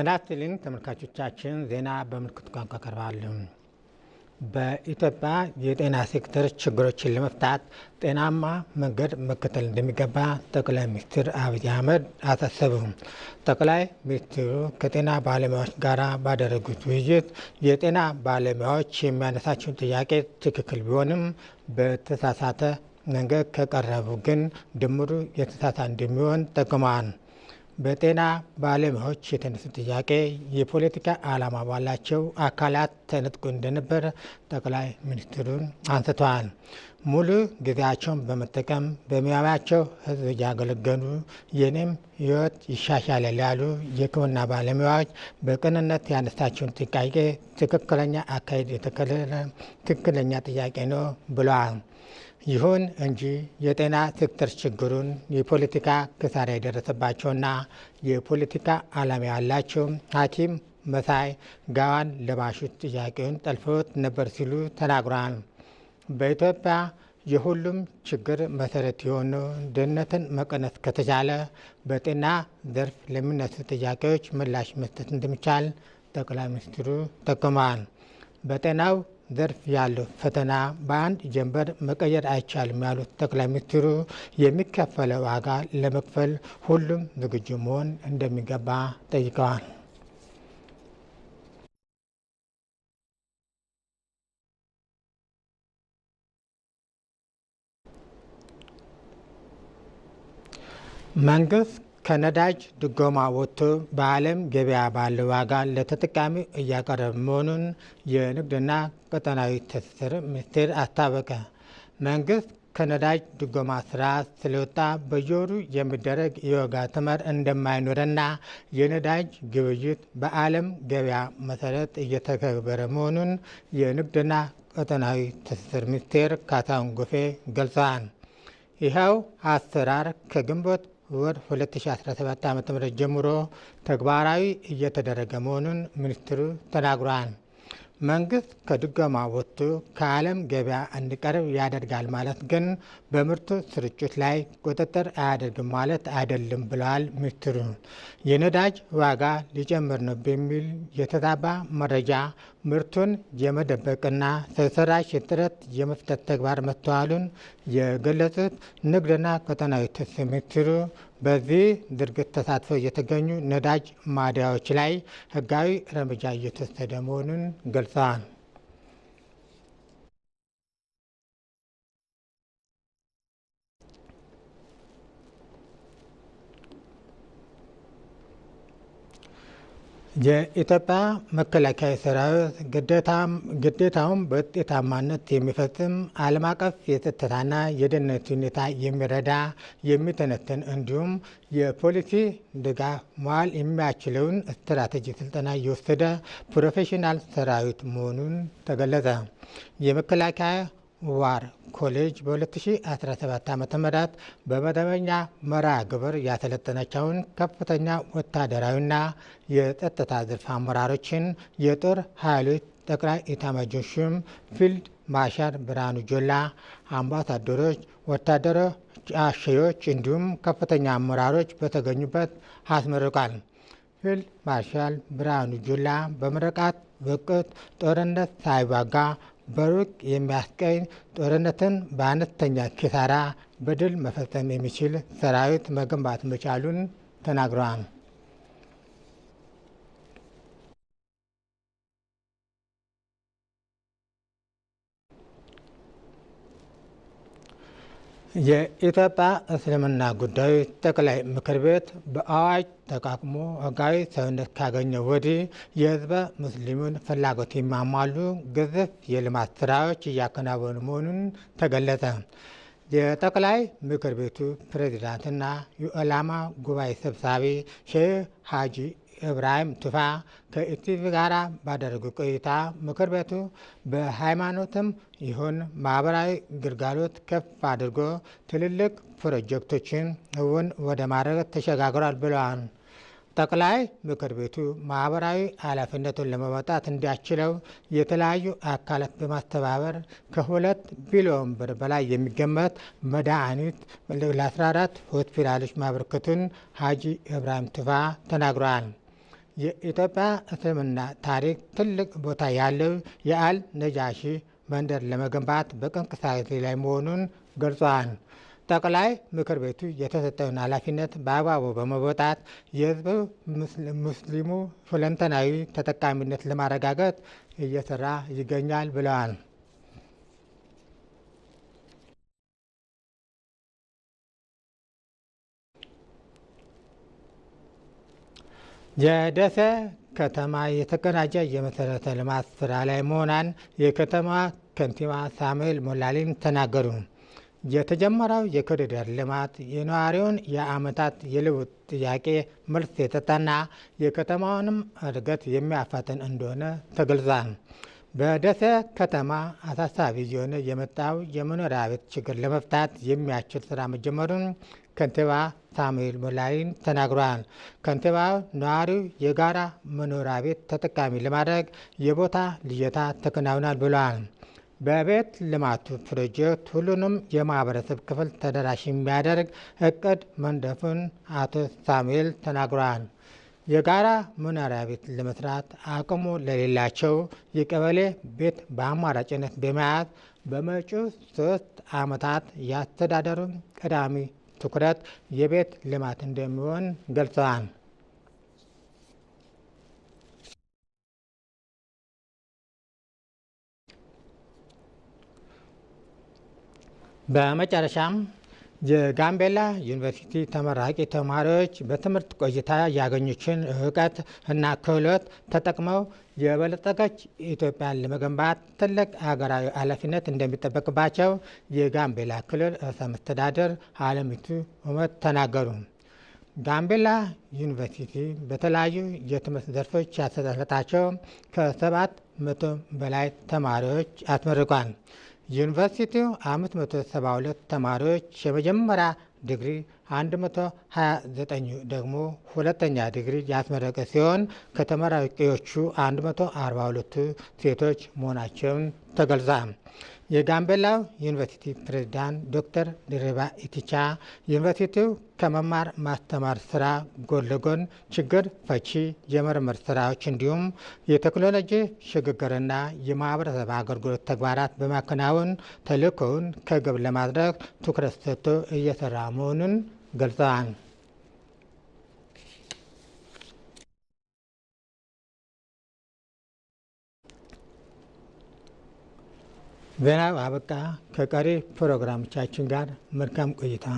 ጤና ይስጥልን ተመልካቾቻችን፣ ዜና በምልክት ቋንቋ ቀርባል። በኢትዮጵያ የጤና ሴክተር ችግሮችን ለመፍታት ጤናማ መንገድ መከተል እንደሚገባ ጠቅላይ ሚኒስትር አብይ አህመድ አሳሰቡ። ጠቅላይ ሚኒስትሩ ከጤና ባለሙያዎች ጋር ባደረጉት ውይይት የጤና ባለሙያዎች የሚያነሳቸውን ጥያቄ ትክክል ቢሆንም በተሳሳተ መንገድ ከቀረቡ ግን ድምሩ የተሳሳ እንደሚሆን ጠቅመዋል። በጤና ባለሙያዎች የተነሱ ጥያቄ የፖለቲካ ዓላማ ባላቸው አካላት ተነጥቆ እንደነበር ጠቅላይ ሚኒስትሩን አንስተዋል። ሙሉ ጊዜያቸውን በመጠቀም በሙያቸው ሕዝብ እያገለገሉ የኔም ሕይወት ይሻሻላል ያሉ የሕክምና ባለሙያዎች በቅንነት ያነሳቸውን ጥያቄ ትክክለኛ አካሄድ የተከለለ ትክክለኛ ጥያቄ ነው ብለዋል። ይሁን እንጂ የጤና ሴክተር ችግሩን የፖለቲካ ክሳራ የደረሰባቸውና የፖለቲካ ዓላማ ያላቸው ሐኪም መሳይ ጋዋን ለባሹት ጥያቄውን ጠልፎት ነበር ሲሉ ተናግሯል። በኢትዮጵያ የሁሉም ችግር መሰረት የሆኑ ድህነትን መቀነስ ከተቻለ በጤና ዘርፍ ለሚነሱ ጥያቄዎች ምላሽ መስጠት እንደሚቻል ጠቅላይ ሚኒስትሩ ጠቅመዋል። በጤናው ዘርፍ ያለው ፈተና በአንድ ጀንበር መቀየር አይቻልም ያሉት ጠቅላይ ሚኒስትሩ የሚከፈለው ዋጋ ለመክፈል ሁሉም ዝግጁ መሆን እንደሚገባ ጠይቀዋል። መንግስት ከነዳጅ ድጎማ ወጥቶ በዓለም ገበያ ባለ ዋጋ ለተጠቃሚ እያቀረበ መሆኑን የንግድና ቀጠናዊ ትስስር ሚኒስቴር አስታወቀ። መንግስት ከነዳጅ ድጎማ ስራ ስለወጣ በየወሩ የሚደረግ የዋጋ ተመር እንደማይኖርና የነዳጅ ግብይት በዓለም ገበያ መሰረት እየተከበረ መሆኑን የንግድና ቀጠናዊ ትስስር ሚኒስቴር ካሳሁን ጎፌ ገልጸዋል። ይኸው አሰራር ከግንቦት ወር 2017 ዓ ም ጀምሮ ተግባራዊ እየተደረገ መሆኑን ሚኒስትሩ ተናግሯል። መንግስት ከድጎማ ወጥቶ ከዓለም ገበያ እንዲቀርብ ያደርጋል ማለት ግን በምርቱ ስርጭት ላይ ቁጥጥር አያደርግም ማለት አይደለም ብለዋል ሚኒስትሩ። የነዳጅ ዋጋ ሊጨምር ነው በሚል የተዛባ መረጃ ምርቱን የመደበቅና ተሰራሽ የጥረት የመፍተት ተግባር መስተዋሉን የገለጹት ንግድና ቀጠናዊ ትስስር ሚኒስትሩ በዚህ ድርጊት ተሳትፈው የተገኙ ነዳጅ ማደያዎች ላይ ሕጋዊ እርምጃ እየተወሰደ መሆኑን ገልጸዋል። የኢትዮጵያ መከላከያ ሰራዊት ግዴታውን በውጤታማነት የሚፈጽም ዓለም አቀፍ የጸጥታና የደህንነት ሁኔታ የሚረዳ የሚተነትን እንዲሁም የፖሊሲ ድጋፍ መዋል የሚያችለውን ስትራቴጂ ስልጠና የወሰደ ፕሮፌሽናል ሰራዊት መሆኑን ተገለጸ። የመከላከያ ዋር ኮሌጅ በ2017 ዓ ም በመደበኛ መርሃ ግብር ያሰለጠነችውን ከፍተኛ ወታደራዊና የጸጥታ ዘርፍ አመራሮችን የጦር ኃይሎች ጠቅላይ ኤታማዦር ሹም ፊልድ ማርሻል ብርሃኑ ጁላ፣ አምባሳደሮች፣ ወታደሮች፣ አሸዎች እንዲሁም ከፍተኛ አመራሮች በተገኙበት አስመርቋል። ፊልድ ማርሻል ብርሃኑ ጁላ በምረቃት ወቅት ጦርነት ሳይዋጋ በሩቅ የሚያስቀኝ ጦርነትን በአነስተኛ ኪሳራ በድል መፈጸም የሚችል ሰራዊት መገንባት መቻሉን ተናግረዋል። የኢትዮጵያ እስልምና ጉዳዮች ጠቅላይ ምክር ቤት በአዋጅ ተቃቅሞ ሕጋዊ ሰውነት ካገኘ ወዲህ የህዝበ ሙስሊሙን ፍላጎት ይማማሉ ግዝፍ የልማት ስራዎች እያከናወኑ መሆኑን ተገለጸ። የጠቅላይ ምክር ቤቱ ፕሬዚዳንትና የዑላማ ጉባኤ ሰብሳቢ ሼህ ሀጂ ኢብራሂም ቱፋ ከኢቲቪ ጋራ ባደረጉ ቆይታ ምክር ቤቱ በሃይማኖትም ይሁን ማህበራዊ ግልጋሎት ከፍ አድርጎ ትልልቅ ፕሮጀክቶችን እውን ወደ ማድረግ ተሸጋግሯል ብለዋል። ጠቅላይ ምክር ቤቱ ማህበራዊ ኃላፊነቱን ለመወጣት እንዲያስችለው የተለያዩ አካላት በማስተባበር ከሁለት ቢሊዮን ብር በላይ የሚገመት መድኃኒት ለ14 ሆስፒታሎች ማበርከቱን ሀጂ ኢብራሂም ቱፋ ተናግረዋል። የኢትዮጵያ እስልምና ታሪክ ትልቅ ቦታ ያለው የአል ነጃሺ መንደር ለመገንባት በቅንቅሳት ላይ መሆኑን ገልጿል። ጠቅላይ ምክር ቤቱ የተሰጠውን ኃላፊነት በአግባቡ በመወጣት የህዝብ ሙስሊሙ ሁለንተናዊ ተጠቃሚነት ለማረጋገጥ እየሰራ ይገኛል ብለዋል። የደሰ ከተማ የተቀናጀ የመሰረተ ልማት ስራ ላይ መሆኗን የከተማ ከንቲባ ሳሙኤል ሞላሊን ተናገሩ። የተጀመረው የኮሪደር ልማት የነዋሪውን የአመታት የልውጥ ጥያቄ መልስ የተጠና የከተማውንም እድገት የሚያፋጥን እንደሆነ ተገልጿል። በደሴ ከተማ አሳሳቢ የሆነ የመጣው የመኖሪያ ቤት ችግር ለመፍታት የሚያስችል ስራ መጀመሩን ከንቲባ ሳሙኤል ሞላይን ተናግሯል። ከንቲባው ነዋሪው የጋራ መኖሪያ ቤት ተጠቃሚ ለማድረግ የቦታ ልየታ ተከናውኗል ብሏል። በቤት ልማቱ ፕሮጀክት ሁሉንም የማህበረሰብ ክፍል ተደራሽ የሚያደርግ እቅድ መንደፉን አቶ ሳሙኤል ተናግሯል። የጋራ መኖሪያ ቤት ለመስራት አቅሙ ለሌላቸው የቀበሌ ቤት በአማራጭነት በመያዝ በመጪው ሶስት ዓመታት የአስተዳደሩን ቀዳሚ ትኩረት የቤት ልማት እንደሚሆን ገልጸዋል። በመጨረሻም የጋምቤላ ዩኒቨርሲቲ ተመራቂ ተማሪዎች በትምህርት ቆይታ ያገኙችን እውቀት እና ክህሎት ተጠቅመው የበለጸገች ኢትዮጵያን ለመገንባት ትልቅ ሀገራዊ ኃላፊነት እንደሚጠበቅባቸው የጋምቤላ ክልል ርዕሰ መስተዳደር አለሚቱ ኡመት ተናገሩ። ጋምቤላ ዩኒቨርሲቲ በተለያዩ የትምህርት ዘርፎች ያሰጠለታቸው ከሰባት መቶ በላይ ተማሪዎች አስመርቋል። ዩኒቨርሲቲው 572 ተማሪዎች የመጀመሪያ ዲግሪ 129 ደግሞ ሁለተኛ ዲግሪ ያስመረቀ ሲሆን ከተመራቂዎቹ 142ቱ ሴቶች መሆናቸውን ተገልጿል። የጋምቤላ ዩኒቨርሲቲ ፕሬዝዳንት ዶክተር ድሪባ ኢቲቻ ዩኒቨርሲቲው ከመማር ማስተማር ስራ ጎን ለጎን ችግር ፈቺ የምርምር ስራዎች እንዲሁም የቴክኖሎጂ ሽግግርና የማህበረሰብ አገልግሎት ተግባራት በማከናወን ተልእኮውን ከግብ ለማድረግ ትኩረት ሰጥቶ እየሰራ መሆኑን ገልጸዋል። ዜናው አበቃ። ከቀሪ ፕሮግራሞቻችን ጋር መልካም ቆይታ